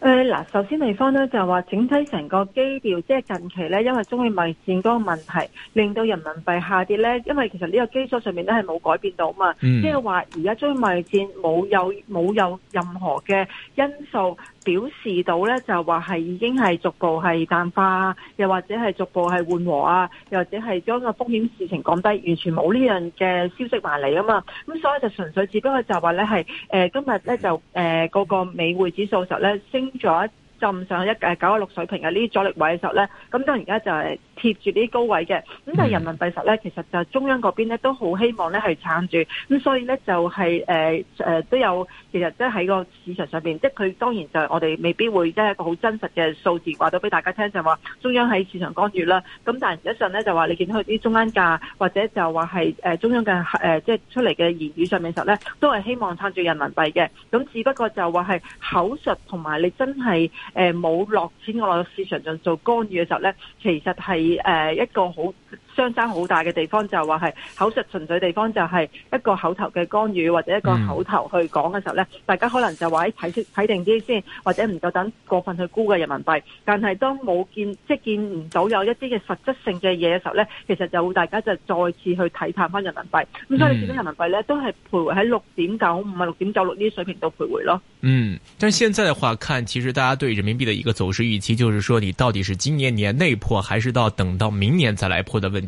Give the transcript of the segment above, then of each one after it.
誒，嗱，首先地方咧就係話，整體成個基調，即係近期咧，因為中美貿易戰嗰個問題，令到人民幣下跌咧，因為其實呢個基礎上面都係冇改變到嘛，嗯、即係話而家中美貿易戰冇有冇有任何嘅因素。表示到咧就話係已經係逐步係淡化，又或者係逐步係緩和啊，又或者係將個風險事情降低，完全冇呢樣嘅消息埋嚟啊嘛。咁所以就純粹只不過就話咧係，誒、呃、今日咧就誒嗰個、呃、美匯指數實咧升咗浸上一誒九一六水平嘅呢啲阻力位嘅時候咧，咁當而家就係、是。貼住呢啲高位嘅，咁但係人民幣實咧，其實就中央嗰邊咧都好希望咧係撐住，咁所以咧就係、是、誒、呃呃、都有，其實即係喺個市場上面，即係佢當然就我哋未必會即係、就是、一個好真實嘅數字話到俾大家聽，就話、是、中央喺市場干預啦。咁但係實際上咧就話你見到佢啲中間價，或者就話係誒中央嘅誒即係出嚟嘅言語上面時候咧，都係希望撐住人民幣嘅。咁只不過就話係口述同埋你真係誒冇落錢落市場上做干預嘅時候咧，其實係。誒，一個好。相差好大嘅地方就話係口述純粹地方，就係一個口頭嘅干預，或者一個口頭去講嘅時候呢，大家可能就話喺睇睇定啲先，或者唔夠等過分去估嘅人民幣。但係當冇見即係見唔到有一啲嘅實質性嘅嘢嘅時候呢，其實就大家就再次去睇探翻人民幣。咁、嗯、所以而家人民幣呢，都係徘徊喺六點九五啊六點九六呢啲水平度徘徊咯。嗯，但係現在嘅話看，看其實大家對人民幣嘅一個走勢預期，就是說你到底是今年年內破，還是到等到明年再來破嘅問題？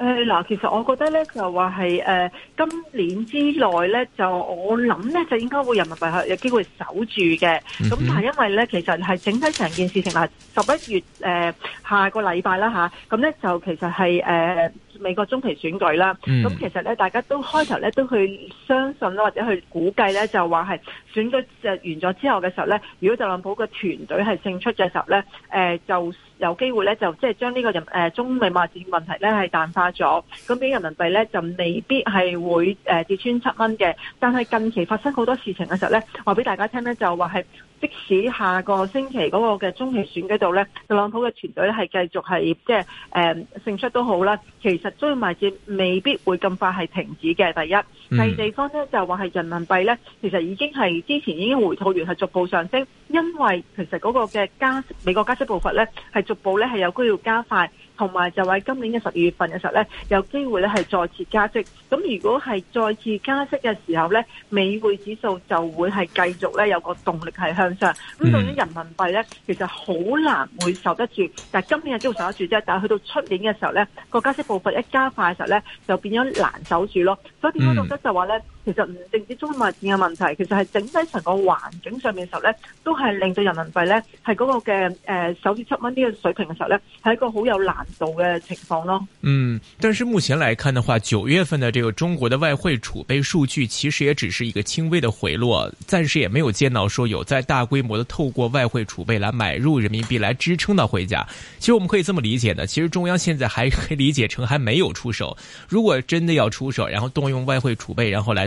嗱、呃，其實我覺得咧，就話係誒今年之內咧，就我諗咧，就應該會人民幣係有機會守住嘅。咁、嗯、哼但係因為咧，其實係整體成件事情啦，十一月、呃、下個禮拜啦嚇，咁、啊、咧就其實係誒、呃、美國中期選舉啦。咁、嗯、其實咧，大家都開頭咧都去相信啦或者去估計咧，就話係選舉完咗之後嘅時候咧，如果特朗普嘅團隊係勝出嘅時候咧、呃，就。有機會咧，就即、是、係將呢個人誒、呃、中美貿戰問題咧係淡化咗，咁畀人民幣咧就未必係會誒、呃、跌穿七蚊嘅。但係近期發生好多事情嘅時候咧，話俾大家聽咧，就話係即使下個星期嗰個嘅中期選舉度咧，特朗普嘅團隊咧係繼續係即係誒勝出都好啦，其實中美貿戰未必會咁快係停止嘅。第一，嗯、第二地方咧就話係人民幣咧，其實已經係之前已經回吐完，係逐步上升，因為其實嗰個嘅加美國加息步伐咧逐步咧係有機會加快，同埋就喺今年嘅十二月份嘅時候咧，有機會咧係再次加息。咁如果係再次加息嘅時候咧，美匯指數就會係繼續咧有個動力係向上。咁到咗人民幣咧，其實好難會受得住，但係今年嘅都會受得住啫。但係去到出年嘅時候咧，個加息步伐一加快嘅時候咧，就變咗難守住咯。所以點解覺得就話咧？其實唔凈止中銀物嘅問題，其實係整體成個環境上面嘅時候呢，都係令到人民幣呢，係嗰個嘅誒首跌七蚊呢個水平嘅時候呢，係一個好有難度嘅情況咯。嗯，但是目前來看的話，九月份嘅這個中國嘅外匯儲備數據其實也只是一個輕微嘅回落，暫時也沒有見到說有再大規模嘅透過外匯儲備嚟買入人民幣嚟支撐到匯價。其實我們可以咁樣理解呢，其實中央現在還可以理解成還沒有出手。如果真的要出手，然後動用外匯儲備，然後嚟。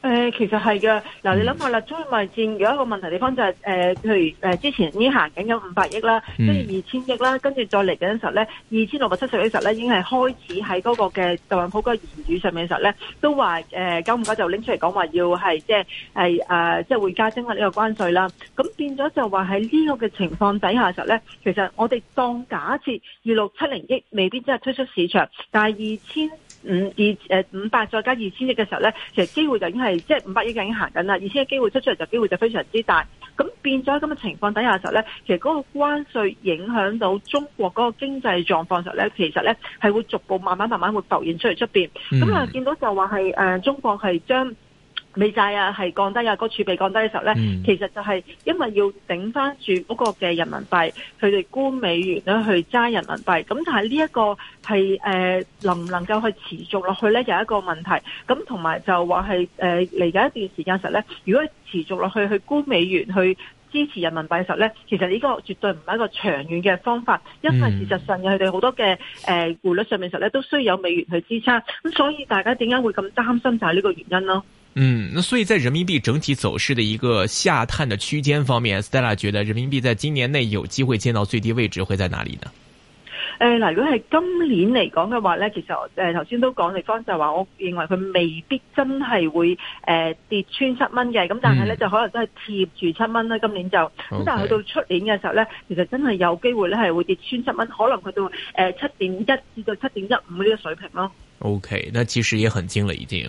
誒、呃，其實係嘅。嗱，你諗下啦，中美貿易戰有一個問題地方就係、是，誒、呃，譬如誒、呃、之前呢行緊有五百億啦，跟住二千億啦，跟住再嚟緊嘅時候咧，二千六百七十億嘅時候咧，已經係開始喺嗰個嘅特朗普嘅言語上面嘅時候咧，都話誒，九唔九就拎出嚟講話要係即係係誒，即係會加徵啊呢個關稅啦。咁變咗就話喺呢個嘅情況底下嘅時候咧，其實我哋當假設二六七零億未必真係推出市場，但係二千。五百再加二千億嘅時候呢，其實機會就已經係即係五百億已經行緊啦，二千億機會出出嚟就機會就非常之大。咁變咗咁嘅情況底下嘅時候咧，其實嗰個關稅影響到中國嗰個經濟狀況時候咧，其實呢係會逐步慢慢慢慢會浮現出嚟出邊。咁啊、嗯，見到就話係、呃、中國係將。美債啊，係降低啊，嗰個儲備降低嘅時候咧，嗯、其實就係因為要頂翻住嗰個嘅人民幣，佢哋沽美元咧去揸人民幣。咁但係呢一個係誒、呃、能唔能夠去持續落去咧，有一個問題。咁同埋就話係誒嚟緊一段時間嘅時候咧，如果持續落去去沽美元去支持人民幣嘅時候咧，其實呢個絕對唔係一個長遠嘅方法，因為事實上嘅佢哋好多嘅誒匯率上面時咧都需要有美元去支撐。咁所以大家點解會咁擔心就係呢個原因咯。嗯，那所以，在人民幣整體走勢的一個下探的區間方面，Stella 覺得人民幣在今年內有機會見到最低位置會在哪裡呢？誒，嗱，如果係今年嚟講嘅話呢，其實誒頭先都講地方就係話，我認為佢未必真係會誒跌穿七蚊嘅，咁但係呢，嗯、就可能真係貼住七蚊啦。今年就咁，但係去到出年嘅時候呢，Okay. 其實真係有機會呢，係會跌穿七蚊，可能去到誒七點一至到七點一五呢個水平咯。OK，那其實也很近了已經。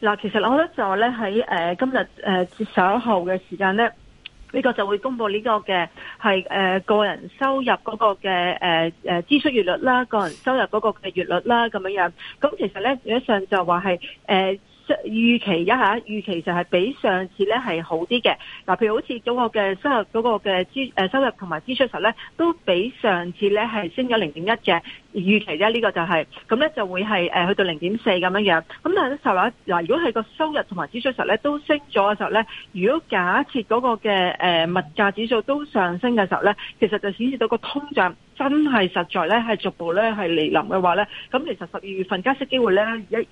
嗱，其實我覺得就係咧喺誒今日誒十一號嘅時間咧，呢個就會公布呢個嘅係誒個人收入嗰個嘅誒誒支出月率啦，個人收入嗰個嘅月率啦咁樣樣。咁其實咧有一上就話係誒。即係預期一下，預期就係比上次咧係好啲嘅。嗱，譬如好似嗰個嘅收入嗰個嘅支誒收入同埋支出實咧，都比上次咧係升咗零點一嘅預期啫。呢個就係咁咧，咁就會係誒去到零點四咁樣樣。咁但係咧實話，嗱，如果係個收入同埋支出實咧都升咗嘅時候咧，如果假設嗰個嘅誒物價指數都上升嘅時候咧，其實就顯示到個通脹。真係實在咧，係逐步咧係嚟臨嘅話咧，咁其實十二月份加息機會咧，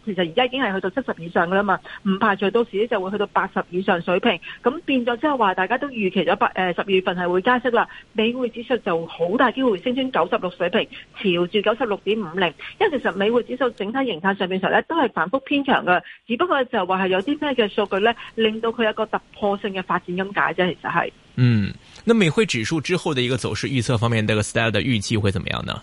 其實而家已經係去到七十以上噶啦嘛，唔排除到時咧就會去到八十以上水平。咁變咗之後話，大家都預期咗八誒十二月份係會加息啦，美匯指數就好大機會升穿九十六水平，朝住九十六點五零。因為其實美匯指數整體形態上面上咧都係反復偏強嘅，只不過就話係有啲咩嘅數據咧令到佢有個突破性嘅發展咁解啫，其實係嗯。咁美匯指數之後的一個走勢預測方面，那個 style 的預計會怎麼樣呢？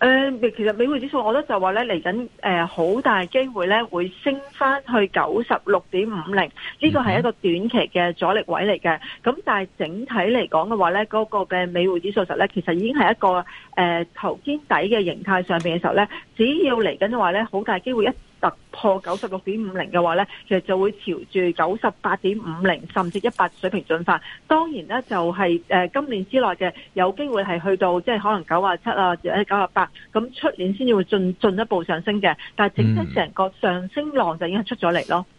誒、呃，其實美匯指數，我覺得就話咧嚟緊誒，好、呃、大機會咧會升翻去九十六點五零，呢個係一個短期嘅阻力位嚟嘅。咁但係整體嚟講嘅話咧，嗰、那個嘅美匯指數實咧，其實已經係一個誒、呃、頭肩底嘅形態上邊嘅時候咧，只要嚟緊嘅話咧，好大機會一。突破九十六點五零嘅話咧，其實就會朝住九十八點五零甚至一百水平進發。當然咧，就係誒今年之內嘅有機會係去到即係可能九十七啊，或者九十八。咁出年先至會進進一步上升嘅。但係整體成個上升浪就已經係出咗嚟咯。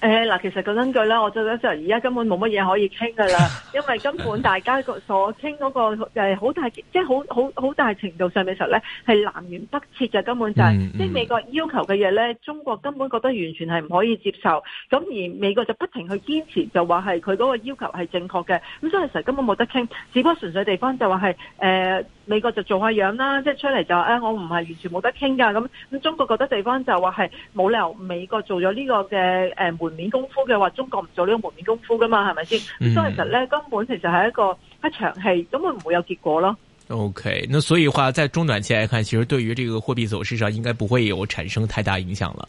誒，嗱、哎，其實講真句啦，我覺得就而家根本冇乜嘢可以傾噶啦，因為根本大家所那個所傾嗰個誒，好大即係好好好大程度上嘅時候咧，係南轅北轍嘅，根本是、嗯、就係即係美國要求嘅嘢咧，中國根本覺得完全係唔可以接受，咁而美國就不停去堅持，就話係佢嗰個要求係正確嘅，咁所以其實根本冇得傾，只不過純粹地方就話係誒。呃美國就做下樣啦，即係出嚟就話誒，我唔係完全冇得傾噶咁。咁中國覺得地方就話係冇理由美國做咗呢個嘅誒門面功夫嘅話，中國唔做呢個門面功夫噶嘛，係咪先？咁、嗯、所以其實咧根本其實係一個一場戲，根本唔會有結果咯。O、okay, K，那所以話在中短期嚟看，其實對於這個貨幣走勢上應該不會有產生太大影響了。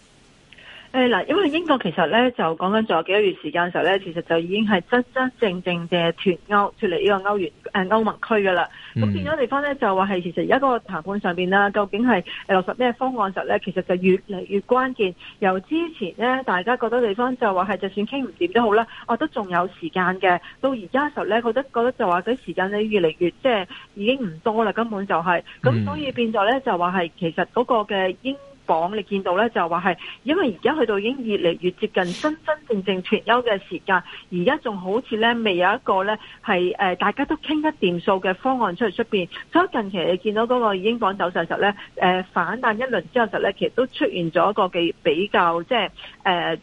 誒嗱，因為英國，其實咧就講緊仲有幾多月時間嘅時候咧，其實就已經係真真正正嘅脱歐，脱離呢個歐元誒，歐盟區噶啦。咁、嗯、變咗地方咧就話係，其實而家個談判上邊啦，究竟係誒落實咩方案時候咧，其實就越嚟越關鍵。由之前咧，大家覺得地方就話係，就算傾唔掂都好啦，我都仲有時間嘅。到而家時候咧，覺得覺得就話啲時間咧越嚟越即係、就是、已經唔多啦，根本就係、是。咁所以變咗咧就話係，其實嗰個嘅英。講你見到咧，就話係，因為而家去到已經越嚟越接近真真正正脫歐嘅時間，而家仲好似咧未有一個咧係誒，大家都傾得掂數嘅方案出去出邊，所以近期你見到嗰個英鎊走勢，嘅時候咧，誒、呃、反彈一輪之後咧，其實都出現咗一個嘅比較即係誒。就是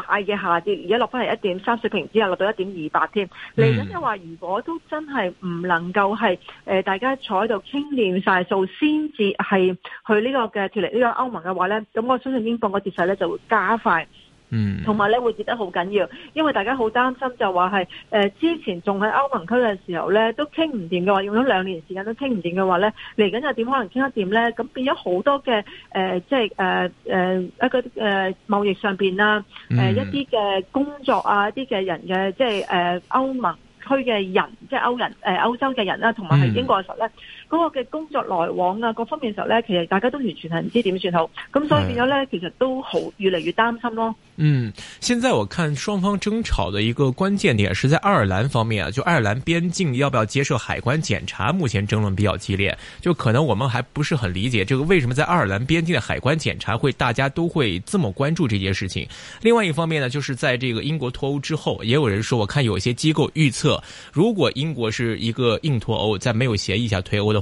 快嘅下跌，而家落翻嚟一點三水平之後，落到一點二八添。嚟緊即係話，如果都真係唔能夠係誒、呃、大家坐喺度傾掂晒數、這個，先至係去呢個嘅脫離呢個歐盟嘅話呢，咁我相信英鎊個跌勢呢就會加快。嗯，同埋你會跌得好緊要，因為大家好擔心就話係誒之前仲喺歐盟區嘅時候咧，都傾唔掂嘅話，用咗兩年時間都傾唔掂嘅話咧，嚟緊又點可能傾得掂咧？咁變咗好多嘅誒、呃，即係誒誒一個貿易上面啦、啊呃，一啲嘅工作啊，一啲嘅人嘅即係誒、呃、歐盟區嘅人，即係歐人、呃、歐洲嘅人啦、啊，同埋係英國嘅時候咧。嗰個嘅工作來往啊，各方面時候呢，其實大家都完全係唔知點算好，咁所以變咗呢，是其實都好越嚟越擔心咯。嗯，現在我看雙方爭吵的一個關鍵點，是在愛爾蘭方面啊，就愛爾蘭邊境要不要接受海關檢查，目前爭論比較激烈。就可能我們還不是很理解，這個為什麼在愛爾蘭邊境的海關檢查會大家都會這麼關注這件事情。另外一方面呢，就是在這個英國脫歐之後，也有人說，我看有些機構預測，如果英國是一個硬脫歐，在沒有協議下脫歐的。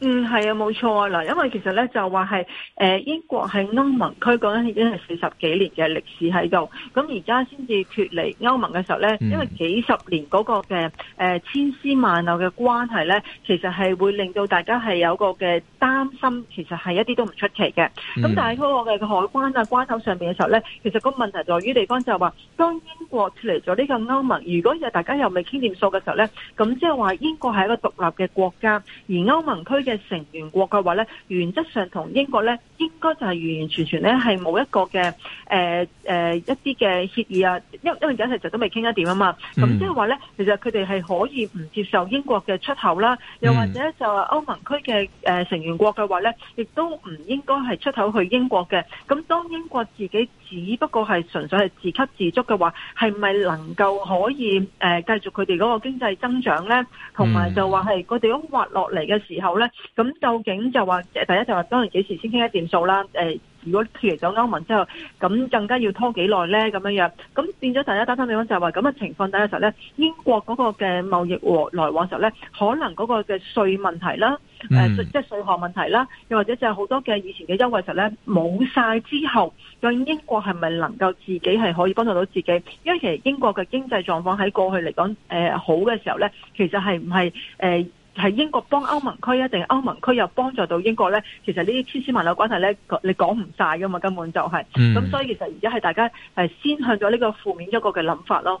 嗯，係啊，冇錯啊，嗱，因為其實咧就話係，誒，英國係歐盟區嗰陣已經係四十幾年嘅歷史喺度，咁而家先至脫離歐盟嘅時候咧，嗯、因為幾十年嗰個嘅誒千絲萬縷嘅關係咧，其實係會令到大家係有個嘅擔心，其實係一啲都唔出奇嘅。咁、嗯、但係嗰個嘅海關啊關口上邊嘅時候咧，其實個問題在於地方就係、是、話，當英國脫離咗呢個歐盟，如果就大家又未傾掂數嘅時候咧，咁即係話英國係一個獨立嘅國家，而歐盟區嘅成員國嘅話咧，原則上同英國咧，應該就係完完全全咧係冇一個嘅誒誒一啲嘅協議啊，因為因為一一樣嘢其實都未傾得掂啊嘛。咁即係話咧，其實佢哋係可以唔接受英國嘅出口啦，又或者就歐盟區嘅誒、呃、成員國嘅話咧，亦都唔應該係出口去英國嘅。咁當英國自己只不過係純粹係自給自足嘅話，係咪能夠可以誒、呃、繼續佢哋嗰個經濟增長咧？同埋就話係佢哋咁滑落嚟嘅時候咧？咁究竟就話，第一就話，當然幾時先傾一掂數啦。誒、呃，如果脫離咗歐盟之後，咁更加要拖幾耐咧？咁樣樣，咁變咗，大家擔心你講就係話咁嘅情況底下時候咧，英國嗰個嘅貿易和來往時候咧，可能嗰個嘅稅問題啦，誒、mm. 呃，即係稅項問題啦，又或者就係好多嘅以前嘅優惠時候咧，冇晒之後，究竟英國係咪能夠自己係可以幫助到自己？因為其實英國嘅經濟狀況喺過去嚟講，誒、呃、好嘅時候咧，其實係唔係誒？呃係英國幫歐盟區，定係歐盟區又幫助到英國咧？其實呢啲千絲萬縷關係咧，你講唔晒㗎嘛？根本就係、是、咁，嗯、所以其實而家係大家係先向咗呢個負面一個嘅諗法咯。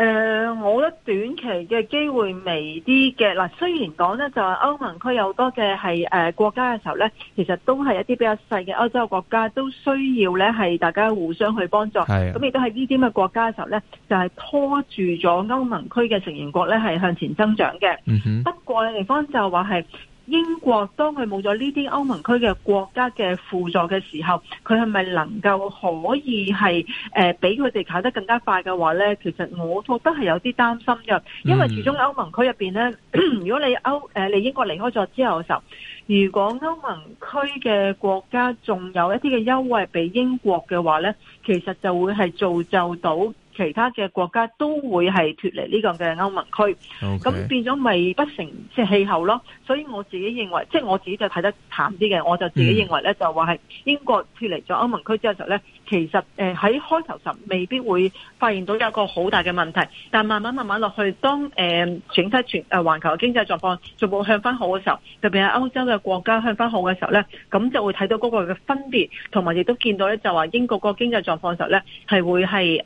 誒、呃，我覺得短期嘅機會微啲嘅，嗱，雖然講咧就係歐盟區有多嘅係誒國家嘅時候咧，其實都係一啲比較細嘅歐洲國家都需要咧係大家互相去幫助，咁亦、啊、都係呢啲嘅國家嘅時候咧，就係、是、拖住咗歐盟區嘅成員國咧係向前增長嘅。嗯、哼不過嘅地方就話係。英國當佢冇咗呢啲歐盟區嘅國家嘅輔助嘅時候，佢係咪能夠可以係誒俾佢哋跑得更加快嘅話呢？其實我覺得係有啲擔心嘅，因為始終歐盟區入邊呢，如果你歐誒、呃、你英國離開咗之後嘅時候，如果歐盟區嘅國家仲有一啲嘅優惠俾英國嘅話呢，其實就會係造就到。其他嘅國家都會係脫離呢個嘅歐盟區，咁 Okay. 變咗咪不成即係氣候囉。所以我自己認為，即係我自己就睇得淡啲嘅，我就自己認為呢，mm. 就話係英國脫離咗歐盟區之後呢，其實喺開頭時未必會發現到有一個好大嘅問題，但係慢慢慢慢落去，當誒整體全誒環球嘅經濟狀況逐步向返好嘅時候，特別係歐洲嘅國家向返好嘅時候咧，咁就會睇到嗰個嘅分別，同埋亦都見到呢，就話英國個經濟狀況時候咧係會係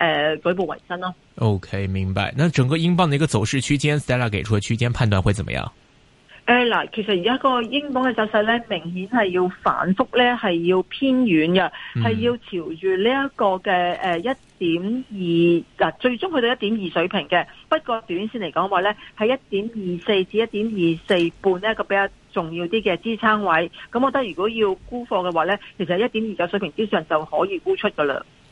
部維新咯。OK，明白。那整個英鎊嘅一個走勢區間，Stella 給出嘅區間判斷會怎麼樣？誒，嗱，其實而家個英鎊嘅走勢咧，明顯係要反復咧，係要偏遠嘅，係、嗯、要朝住呢一個嘅誒一點二嗱，最終去到一點二水平嘅。不過短線嚟講話咧，係一點二四至一點二四半呢一個比較重要啲嘅支撐位。咁我覺得如果要沽貨嘅話咧，其實一點二九水平之上就可以沽出噶啦。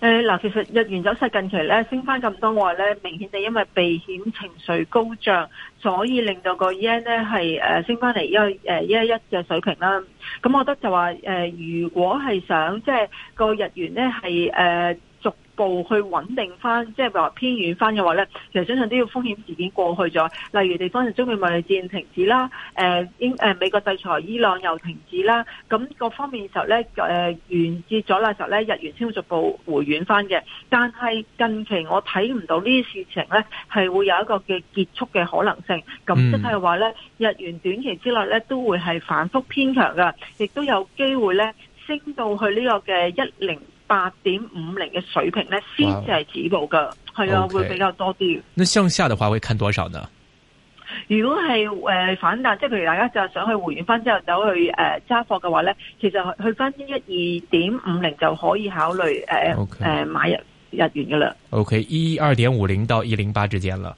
嗱、呃，其實日元走勢近期咧升翻咁多呢，話咧明顯地因為避險情緒高漲，所以令到個 yen 咧係升翻嚟、呃，一一一嘅水平啦。咁、嗯、我覺得就話、呃、如果係想即係個日元咧係步去穩定翻，即係話偏遠翻嘅話呢，其實相信都要風險事件過去咗。例如地方就中美貿易戰停止啦，誒、呃、英誒、呃、美國制裁伊朗又停止啦，咁各方面嘅時候呢，完結咗啦時候呢，日元先會逐步回軟翻嘅。但係近期我睇唔到呢啲事情呢，係會有一個嘅結束嘅可能性，咁即係話呢，日元短期之內呢，都會係反覆偏強嘅，亦都有機會呢升到去呢個嘅一零。八點五零嘅水平呢，先至係止步噶，係啊，會比較多啲。那向下嘅話會看多少呢？如果係誒、呃、反彈，即係譬如大家就想去回軟返之後走去誒揸、呃、貨嘅話呢，其實去翻啲一二點五零就可以考慮誒誒、呃 Okay, 呃、買日日元噶啦。OK，一二點五零到一零八之間了，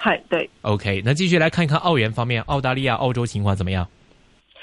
係對。OK，那繼續來看一，看澳元方面，澳大利亞澳洲情況怎麼樣？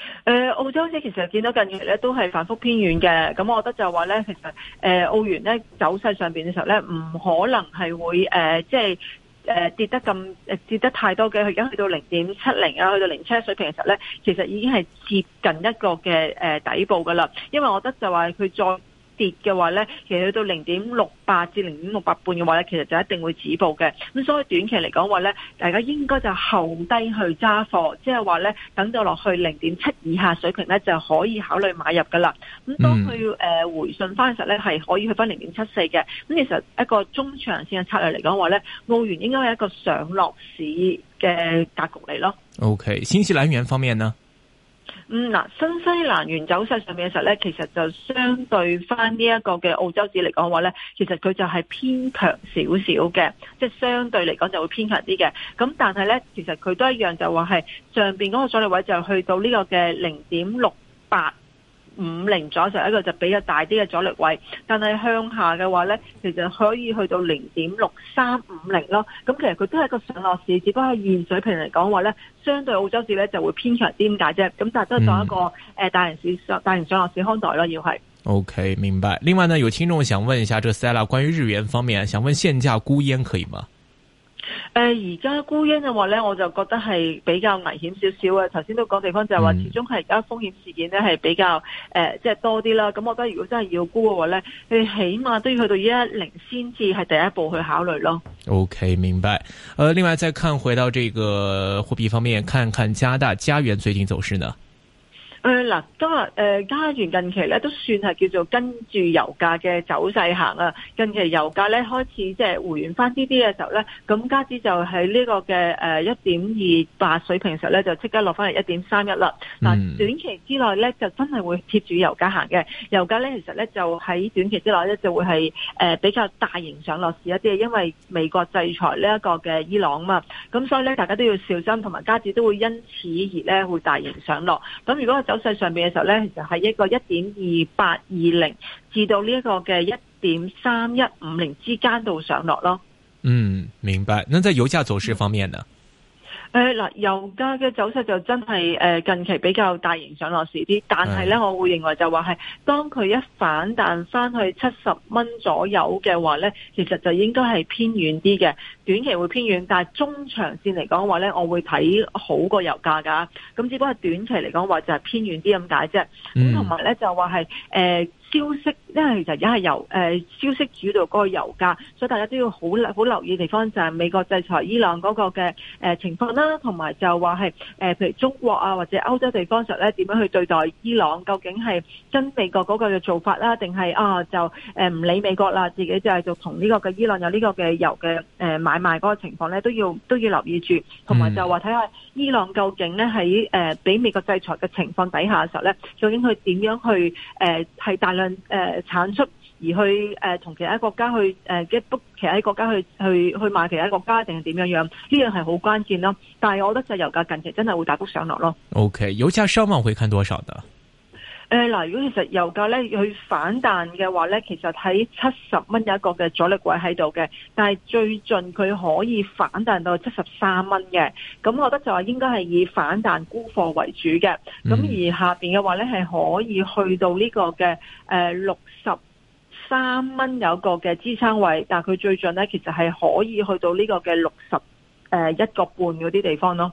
誒、呃、澳洲先，其實見到近期咧都係反覆偏軟嘅，咁我覺得就話咧，其實誒、呃、澳元咧走勢上邊嘅時候咧，唔可能係會誒即係誒跌得咁、呃、跌得太多嘅，佢而家去到零點七零啊，去到零七水平嘅時候咧，其實已經係接近一個嘅誒底部㗎喇，因為我覺得就話佢再跌嘅話咧，其實去到零點六八至零點六八半嘅話咧，其實就一定會止步嘅。咁所以短期嚟講話咧，大家應該就後低去揸貨，即係話咧，等到落去零點七以下水平咧，就可以考慮買入噶啦。咁當佢誒回信翻嘅時候咧，係可以去翻零點七四嘅。咁、嗯、其實一個中長線嘅策略嚟講話咧，澳元應該係一個上落市嘅格局嚟咯。O、okay, K，新西蘭元方面呢？嗯，嗱，新西蘭元走勢上面嘅時候咧，其實就相對翻呢一個嘅澳洲紙嚟講話咧，其實佢就係偏強少少嘅，即係相對嚟講就會偏強啲嘅。咁但係咧，其實佢都一樣就話係上邊嗰個阻力位就去到呢個嘅零點六八。五零左上一個就比較大啲嘅阻力位，但係向下嘅話咧，其實可以去到零點六三五零咯。咁其實佢都係一個上落市，只不過係現水平嚟講話咧，相對澳洲市咧就會偏強啲咁解啫。咁但係都係一個誒大型市上、大型上落市看待咯，嗯、要係。OK，明白。另外呢，有聽眾想問一下，這 Sara 關於日元方面，想問現價沽煙可以嗎？誒，而家沽因嘅話咧，我就覺得係比較危險少少啊。頭先都講地方就係話，始終係而家風險事件咧係比較誒、嗯呃，即係多啲啦。咁我覺得如果真係要沽嘅話咧，你起碼都要去到一零先至係第一步去考慮咯。OK，明白。誒、呃，另外再看回到這個貨幣方面，看看加大加元最近走勢呢？誒，嗱、呃，今日誒，加、呃、元近期咧都算係叫做跟住油價嘅走勢行啦、啊、近期油價咧開始即係回軟翻啲啲嘅時候咧，咁加子就喺呢個嘅誒一點二八水平時候咧，就即刻落翻嚟一點三一啦。嗱、嗯，但短期之內咧就真係會貼住油價行嘅。油價咧其實咧就喺短期之內咧就會係誒、呃、比較大型上落市一啲嘅，因為美國制裁呢一個嘅伊朗啊嘛，咁所以咧大家都要小心，同埋加子都會因此而咧會大型上落。咁如果，走勢上邊嘅時候咧，就係一個一點二八二零至到呢一個嘅一點三一五零之間度上落咯。嗯，明白。那在油價走勢方面呢？誒，嗱、呃，油價嘅走勢就真係誒、呃，近期比較大型上落市啲，但係咧是的 我會認為就話係，當佢一反彈翻去七十蚊左右嘅話咧，其實就應該係偏遠啲嘅，短期會偏遠，但係中長線嚟講話咧，我會睇好過油價噶，咁只不過短期嚟講話就係偏遠啲咁解啫，咁同埋咧就話係誒。呃消息，因為其實而家係由誒、呃、消息主導嗰個油價，所以大家都要好好留意地方就係美國制裁伊朗嗰個嘅、呃、情況啦，同埋就話係誒譬如中國啊或者歐洲地方時候咧點樣去對待伊朗，究竟係跟美國嗰個嘅做法啦，定係啊就誒唔、呃、理美國啦，自己就係就同呢個嘅伊朗有呢個嘅油嘅買賣嗰個情況咧，都要都要留意住，同埋就話睇下伊朗究竟咧喺誒俾美國制裁嘅情況底下嘅時候咧，究竟佢點樣去誒係、呃、大量。誒、嗯呃，產出而去誒，同、呃、其他國家去誒，一、呃、book 其他國家去去去買其他國家，定係點樣樣？呢樣係好關鍵咯。但係我覺得石油價近期真係會大幅上落咯。OK，油價上望會看多少的？誒嗱、呃，如果其實油價咧去反彈嘅話咧，其實喺七十蚊有一個嘅阻力位喺度嘅，但係最近佢可以反彈到七十三蚊嘅，咁我覺得就話應該係以反彈沽貨為主嘅，咁、嗯、而下邊嘅話咧係可以去到呢個嘅誒六十三蚊有一個嘅支撐位，但係佢最近咧其實係可以去到呢個嘅六十誒一個半嗰啲地方咯。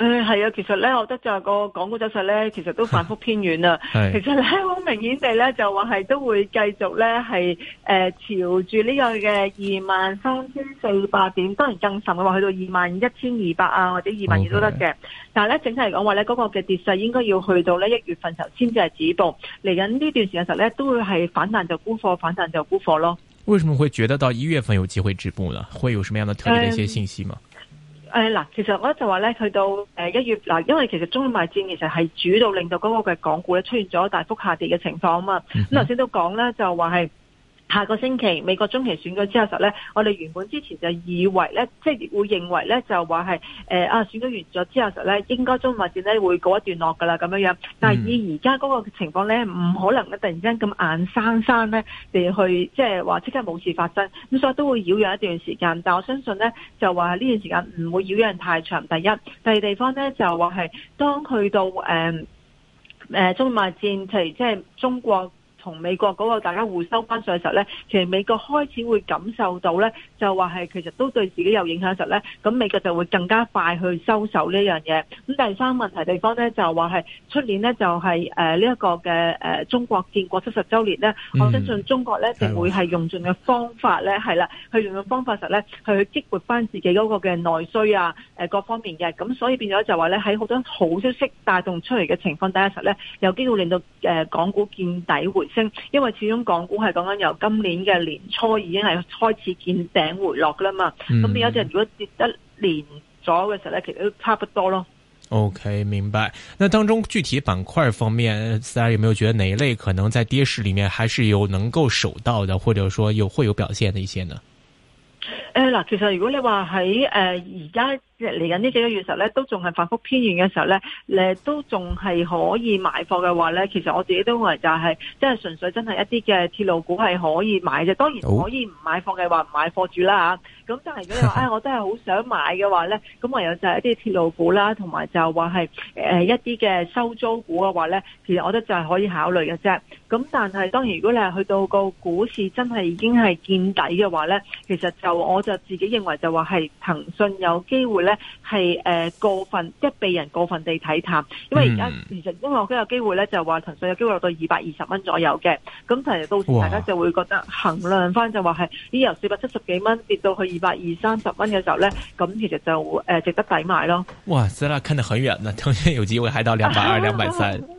誒，係啊、嗯，其實咧，我覺得就係個港股走勢咧，其實都反復偏軟啦。 其實咧好明顯地咧，就話係都會繼續咧，係誒朝住呢個嘅二萬三千四百點，當然更甚嘅話去到二萬一千二百啊，或者二萬二都得嘅。但係咧整體嚟講話咧，嗰，那個嘅跌勢應該要去到咧一月份就先至係止步。嚟緊呢段時間實咧都會係反彈就沽貨，反彈就沽貨咯。為什麼會覺得到一月份有機會止步呢？會有什麼樣的特別的一些信息嗎？嗯誒嗱，其實我就話咧，去到誒一月嗱，因為其實中美貿易戰其實係主導，令到嗰個嘅港股咧出現咗大幅下跌嘅情況啊嘛，咁頭先都講啦就話係。下個星期美國中期選舉之後實咧，我哋原本之前就以為咧，即係會認為咧，就話係啊選舉完咗之後呢咧，應該中美戰咧會告一段落㗎喇咁樣樣。但係以而家嗰個情況咧，唔可能咧突然間咁硬生生咧哋去即係話即刻冇事發生，咁所以都會擾攘一段時間。但我相信咧，就話呢段時間唔會擾攘太長。第一，第二地方咧就話係當去到誒、呃呃、中美戰，譬如即係中國。從美國嗰個大家互收關稅嘅時候咧，其實美國開始會感受到咧，就話係其實都對自己有影響嘅時候咧，咁美國就會更加快去收手呢樣嘢。咁第三問題地方咧就話係出年呢，就係誒呢一、就是呃這個嘅誒、呃、中國建國七十週年咧，我相、嗯、信中國咧就、呃、會係用盡嘅方法咧係啦，去用嘅方法實咧去激活翻自己嗰個嘅內需啊誒、呃、各方面嘅，咁所以變咗就話咧喺好多好消息帶動出嚟嘅情況底下實咧，有機會令到誒、呃、港股見底回。因為始終港股係講緊由今年嘅年初已經係開始見頂回落啦嘛。咁、嗯、變咗如果跌得年咗嘅時候咧，其實都差不多咯。OK，明白。那當中具體板塊方面，大家有沒有覺得哪一類可能在跌市裏面還是有能夠守到的，或者說有會有表現的一些呢？誒嗱、呃，其實如果你話喺誒而家即係嚟緊呢幾個月時候咧，都仲係反覆偏軟嘅時候咧，誒都仲係可以買貨嘅話咧，其實我自己都係就係即係純粹真係一啲嘅鐵路股係可以買嘅。當然可以唔買貨嘅話唔買貨住啦吓。咁、啊、但係如果你話誒、 哎，我都係好想買嘅話咧，咁唯有就係一啲鐵路股啦，同埋就話係誒一啲嘅收租股嘅話咧，其實我覺得就係可以考慮嘅啫。咁但係當然，如果你係去到個股市真係已經係見底嘅話咧，其實就我就自己認為就話係騰訊有機會咧，係、呃、誒過分即係被人過分地睇淡，因為而家其實因為我都有機會咧，就話騰訊有機會落到二百二十蚊左右嘅，咁其實到時大家就會覺得衡量翻就話係，呢由四百七十幾蚊跌到去二百二三十蚊嘅時候咧，咁其實就誒值得抵買咯。哇！真係看得很遠啦，騰訊有機會喺到兩百二、兩百三。啊啊